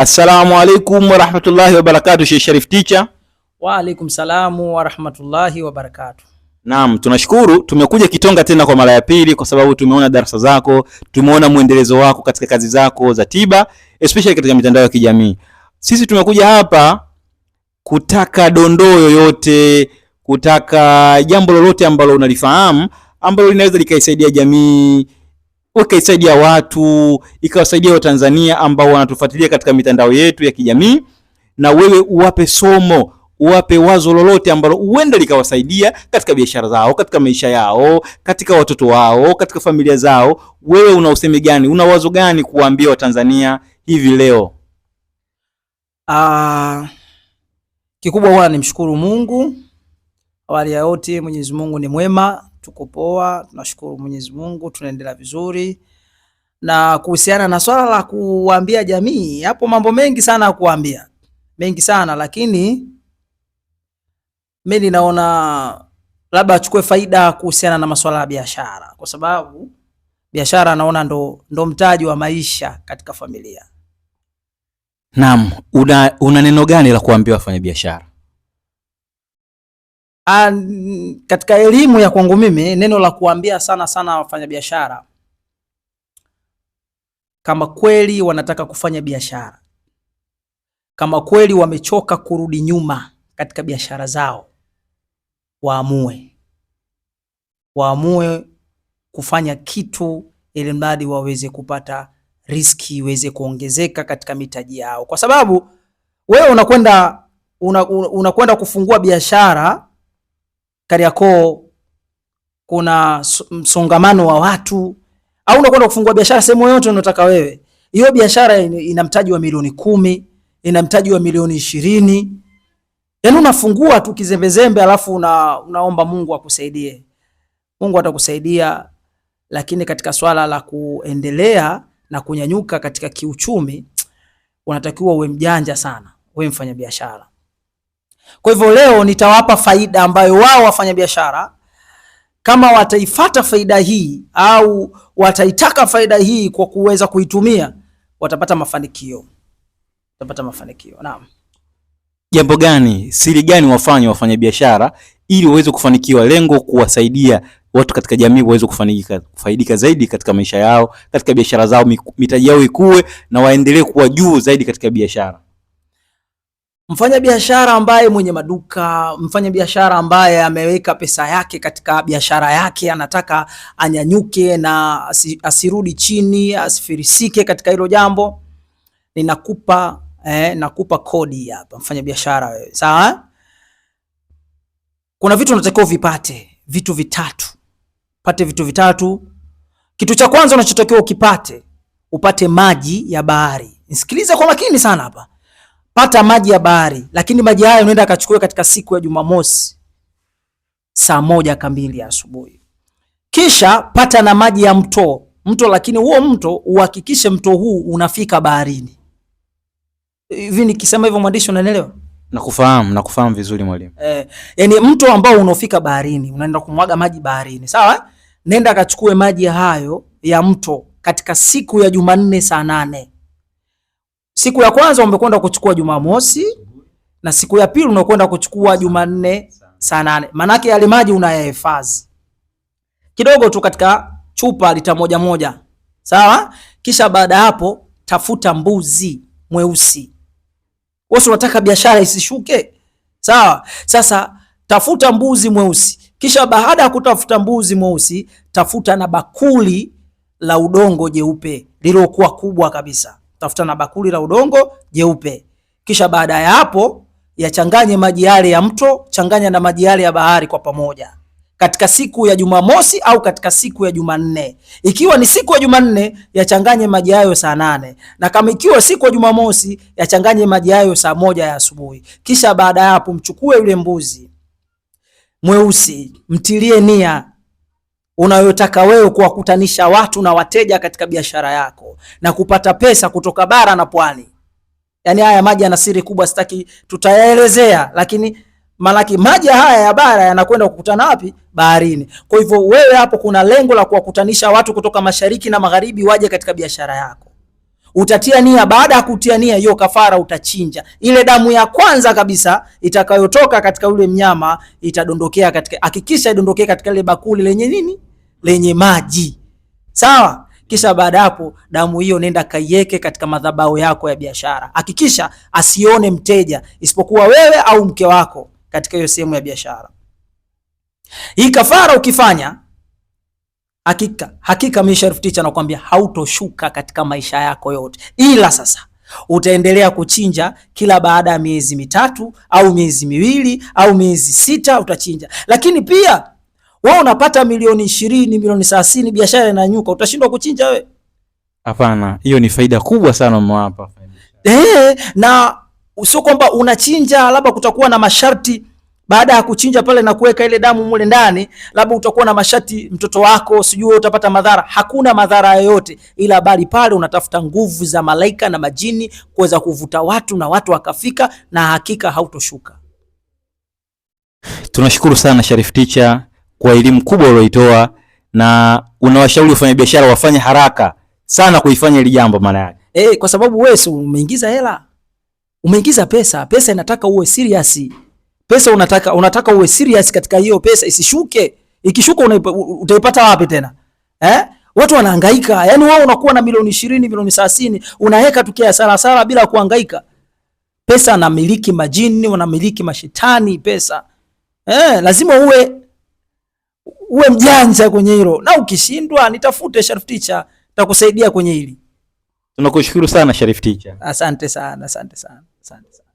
Assalamu alaikum warahmatullahi wabarakatu, Sheikh Sharif Teacher. Wa alaikum salamu warahmatullahi wabarakatu. Naam, tunashukuru tumekuja Kitonga tena kwa mara ya pili, kwa sababu tumeona darasa zako, tumeona mwendelezo wako katika kazi zako za tiba, especially katika mitandao ya kijamii. Sisi tumekuja hapa kutaka dondoo yoyote, kutaka jambo lolote ambalo unalifahamu ambalo linaweza likaisaidia jamii ikaisaidia watu, ikawasaidia Watanzania ambao wanatufuatilia katika mitandao yetu ya kijamii, na wewe uwape somo, uwape wazo lolote ambalo huenda likawasaidia katika biashara zao, katika maisha yao, katika watoto wao, katika familia zao. Wewe una usemi gani? Una wazo gani kuwaambia Watanzania hivi leo? Uh, kikubwa huwa nimshukuru Mungu awali ya yote, Mwenyezi Mungu ni mwema tuko poa, tunashukuru Mwenyezi Mungu, tunaendelea vizuri. Na kuhusiana na swala la kuambia jamii, hapo mambo mengi sana ya kuambia, mengi sana lakini mimi ninaona labda achukue faida kuhusiana na masuala ya biashara, kwa sababu biashara naona ndo, ndo mtaji wa maisha katika familia. Naam, una, una neno gani la kuambia wafanya biashara? An, ah, katika elimu ya kwangu mimi neno la kuambia sana sana wafanyabiashara kama kweli wanataka kufanya biashara, kama kweli wamechoka kurudi nyuma katika biashara zao, waamue waamue kufanya kitu ili mradi waweze kupata riski iweze kuongezeka katika mitaji yao, kwa sababu wewe unakwenda unakwenda una kufungua biashara Kariakoo kuna msongamano wa watu, au unakwenda kufungua biashara sehemu yoyote unataka wewe, hiyo biashara ina mtaji wa milioni kumi, ina mtaji wa milioni ishirini, yaani unafungua tu kizembezembe, alafu una, unaomba Mungu akusaidie. Mungu atakusaidia, lakini katika swala la kuendelea na kunyanyuka katika kiuchumi unatakiwa uwe mjanja sana, uwe mfanyabiashara. Kwa hivyo leo nitawapa faida ambayo wao wafanyabiashara kama wataifata faida hii au wataitaka faida hii kwa kuweza kuitumia watapata mafanikio, watapata mafanikio. Naam, jambo gani, siri gani wafanye wafanyabiashara ili waweze kufanikiwa? Lengo kuwasaidia watu katika jamii waweze kufanikika, kufaidika zaidi katika maisha yao, katika biashara zao, mitaji yao ikue na waendelee kuwa juu zaidi katika biashara. Mfanyabiashara ambaye mwenye maduka, mfanyabiashara ambaye ameweka pesa yake katika biashara yake, anataka anyanyuke na asirudi chini, asifirisike katika hilo jambo, ninakupa eh, nakupa kodi hapa, mfanyabiashara wewe, sawa. Kuna vitu unatakiwa vipate, vitu vitatu, pate vitu vitatu. Kitu cha kwanza unachotakiwa ukipate, upate maji ya bahari. Nisikilize kwa makini sana hapa pata maji ya bahari, lakini maji hayo unaenda akachukua katika siku ya Jumamosi saa moja kamili asubuhi. Kisha pata na maji ya mto mto, lakini huo mto uhakikishe mto huu unafika baharini. Hivi nikisema hivyo, mwandishi, unanielewa? Nakufahamu, nakufahamu vizuri mwalimu. Eh, yani mto ambao unaofika baharini, unaenda kumwaga maji baharini, sawa? Nenda akachukue maji hayo ya mto katika siku ya Jumanne saa nane Siku ya kwanza umekwenda kuchukua Jumamosi na siku ya pili unakwenda kuchukua Jumanne saa nane. Manake yale maji unayahifadhi kidogo tu katika chupa lita moja moja, sawa. Kisha baada ya hapo tafuta mbuzi mweusi, wewe unataka biashara isishuke, sawa. Sasa tafuta mbuzi mweusi, kisha baada ya kutafuta mbuzi mweusi tafuta na bakuli la udongo jeupe lililokuwa kubwa kabisa tafuta na bakuli la udongo jeupe, kisha baada ya hapo yachanganye maji yale ya mto, changanya na maji yale ya bahari kwa pamoja katika siku ya Jumamosi au katika siku ya Jumanne. Ikiwa ni siku ya Jumanne, yachanganye maji hayo saa nane, na kama ikiwa siku ya Jumamosi, yachanganye maji hayo saa moja ya asubuhi. Kisha baada ya hapo, mchukue yule mbuzi mweusi, mtilie nia unayotaka wewe kuwakutanisha watu na wateja katika biashara yako na kupata pesa kutoka bara na pwani. Yaani haya maji yana siri kubwa, sitaki tutayaelezea, lakini malaki maji haya ya bara yanakwenda kukutana wapi? Baharini. Kwa hivyo wewe hapo kuna lengo la kuwakutanisha watu kutoka mashariki na magharibi waje katika biashara yako. Utatia nia, baada ya kutia nia hiyo kafara utachinja. Ile damu ya kwanza kabisa itakayotoka katika ule mnyama itadondokea katika, hakikisha idondokee katika ile bakuli lenye nini lenye maji sawa. Kisha baada hapo, damu hiyo nenda kaiweke katika madhabahu yako ya biashara. Hakikisha asione mteja isipokuwa wewe au mke wako katika hiyo sehemu ya biashara. Hii kafara ukifanya, hakika hakika, mimi Sharif Ticha nakwambia hautoshuka katika maisha yako yote, ila sasa utaendelea kuchinja kila baada ya miezi mitatu au miezi miwili au miezi sita utachinja, lakini pia wewe unapata milioni ishirini, milioni thelathini, biashara inanyuka, utashindwa kuchinja we? Hapana, hiyo ni faida kubwa sana mmewapa. Eh, na sio kwamba unachinja labda kutakuwa na masharti baada ya kuchinja pale na kuweka ile damu mule ndani, labda utakuwa na masharti, mtoto wako sijui utapata madhara. Hakuna madhara yoyote, ila bali pale unatafuta nguvu za malaika na majini kuweza kuvuta watu na watu wakafika, na hakika hautoshuka. Tunashukuru sana Sharif Ticha kwa elimu kubwa uliyoitoa, na unawashauri biashara wafanye haraka sana kuifanya ile jambo maana yake. Eh, kwa sababu wewe si umeingiza hela. Umeingiza pesa. Pesa inataka uwe serious. Pesa unataka unataka uwe serious katika hiyo pesa isishuke. Ikishuka utaipata wapi tena? Eh? Watu wanahangaika. Yaani wao unakuwa na milioni 20, milioni 30, unaweka tu kia sala sala bila kuhangaika. Pesa anamiliki majini, wanamiliki mashetani pesa. Eh, lazima uwe uwe mjanja kwenye hilo, na ukishindwa nitafute Sharif Ticha, takusaidia kwenye hili. Tunakushukuru sana Sharif Ticha, asante sana, asante sana, asante sana.